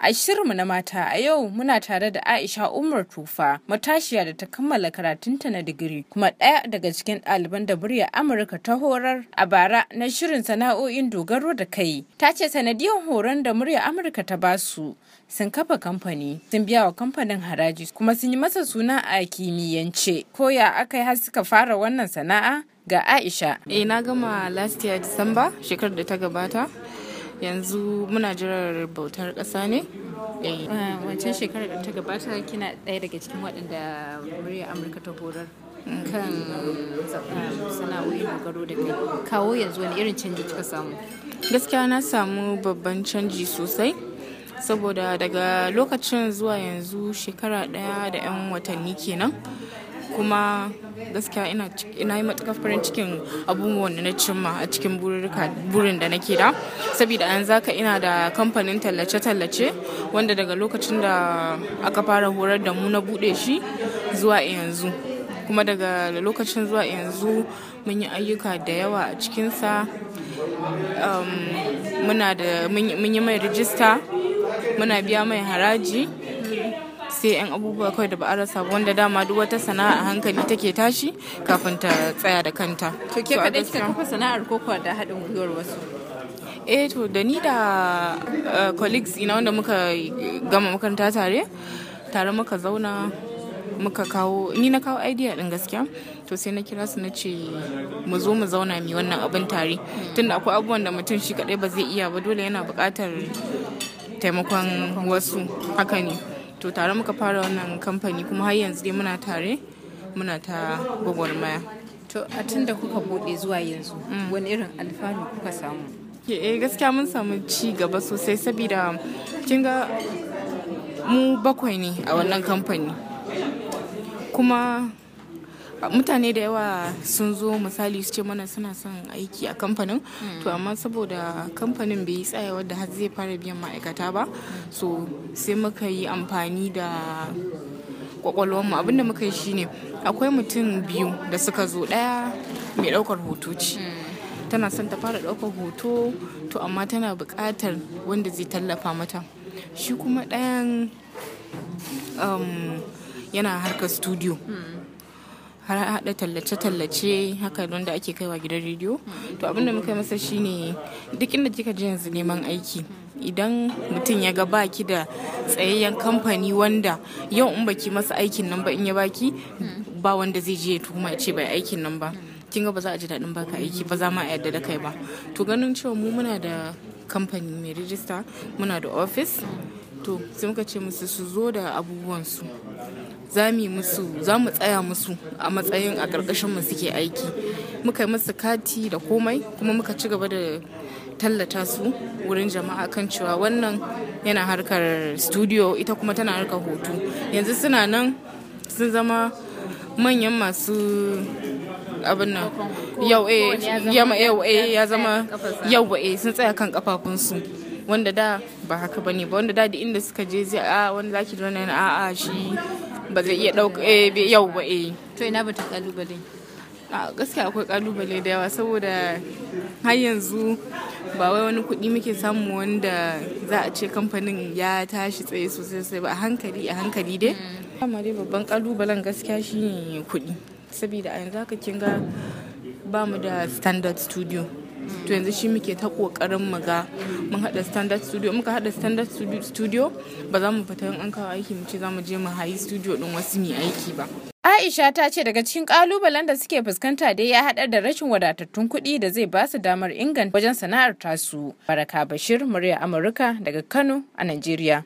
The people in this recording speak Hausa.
A shirinmu na mata a yau muna tare da Aisha Umar Tufa matashiya da ta kammala karatunta na digiri kuma ɗaya daga cikin ɗaliban da burya Amurka ta horar a bara na shirin sana'o'in dogaro da kai. Ta ce sanadiyar horon da murya Amurka ta basu sun kafa kamfani sun biya wa kamfanin haraji kuma sun yi masa suna a kimiyyance. Koya aka yi har suka fara wannan sana'a ga Aisha. Eh na gama last year December shekarar da ta gabata. yanzu muna jirar bautar kasa ne eh. Eh, wancan shekarar da ta gabata kina ɗaya daga cikin waɗanda murya amurka ta horar kan um, sana'o'in dogaro da kai kawo yanzu wani irin canji kika samu gaskiya na samu babban canji sosai saboda daga lokacin zuwa yanzu shekara ɗaya da 'yan watanni kenan kuma gaskiya ina ina yi matuƙar farin cikin abubuwan da na cimma a cikin burin da nake da saboda an zaka ina da kamfanin tallace-tallace wanda daga lokacin da aka fara horar da mu na buɗe shi zuwa yanzu kuma daga lokacin zuwa yanzu mun yi ayyuka da yawa a cikinsa muna da mun yi mai rijista muna biya mai haraji sai yan abubuwa kawai da ba a rasa wanda dama duk wata sana'a a hankali take tashi kafin ta tsaya da kanta to ke kaɗai kika kafa sana'ar ko da haɗin gwiwar wasu eh to da ni da eh, colleagues ina wanda muka gama makaranta tare tare muka zauna muka kawo ni na kawo idea din gaskiya to sai na kira su na ce mu zo mu zauna mi wannan abin tare tunda akwai abubuwan da mutum shi kaɗai ba zai iya ba dole yana buƙatar taimakon wasu haka ne to tare muka fara wannan kamfani kuma har yanzu dai muna tare muna ta gwagwarmaya to a tun da kuka bude zuwa yanzu mm. wani irin alfanu kuka samu eh gaskiya mun samu ci gaba sosai saboda kin ga mu bakwai ne a wannan kamfani kuma mutane da yawa sun zo misali su ce mana suna son aiki a kamfanin to hmm. amma saboda kamfanin bai tsaya wadda har zai fara biyan ma'aikata ba so sai muka yi amfani da mu. abinda muka yi shine akwai mutum biyu da suka zo daya mai daukar hotoci. Hmm. tana son ta fara daukar hoto to amma tana bukatar wanda zai tallafa mata shi kuma ɗayan um, yana harkar studio hmm. har haɗa tallace-tallace haka don da ake kaiwa gidan rediyo to abin da muka masa shine duk inda kika ji yanzu neman aiki idan mutum ya ga baki da tsayayyen kamfani wanda yau in baki masa aikin nan ba in ya baki ba wanda zai je ya tuhuma ce bai aikin nan ba kin ga ba za a ji daɗin baka aiki ba za ma a yarda da kai ba to ganin cewa mu muna da kamfani mai rijista muna da ofis to sai muka ce musu su zo da abubuwansu za mu musu za mu tsaya musu a matsayin a ƙarƙashin mu suke aiki muka yi musu kati da komai kuma muka ci gaba da tallata su wurin jama'a kan cewa wannan yana harkar studio ita kuma tana harkar hoto yanzu suna nan sun zama manyan masu abin nan yau eh, a eh, ya zama yau a eh, sun tsaya kan kafafunsu wanda da ba haka bane ba wanda da inda suka je zai a ah, wanda zaki da wannan a'a ah, ah, shi ba zai iya ɗauka eh, yau ba eh to ina batun kalubale a gaskiya akwai kalubale da yawa saboda har yanzu ba wai wani kuɗi muke samu wanda za a ce kamfanin ya tashi tsaye sosai sai ba a hankali a hankali dai mm. amma dai babban kalubalen gaskiya shine kuɗi saboda a yanzu haka kin ga ba mu da standard studio to yanzu shi muke ta kokarin mu ga mun hada standard studio muka hada standard studio ba za mu fita in an kawo aiki mu ce za mu je mu hayi studio din wasu mai aiki ba Aisha ta ce daga cikin kalubalen da suke fuskanta dai ya hadar da rashin wadatattun kuɗi da zai ba su damar inganta wajen sana'ar tasu. Baraka Bashir, murya Amurka daga Kano a Najeriya.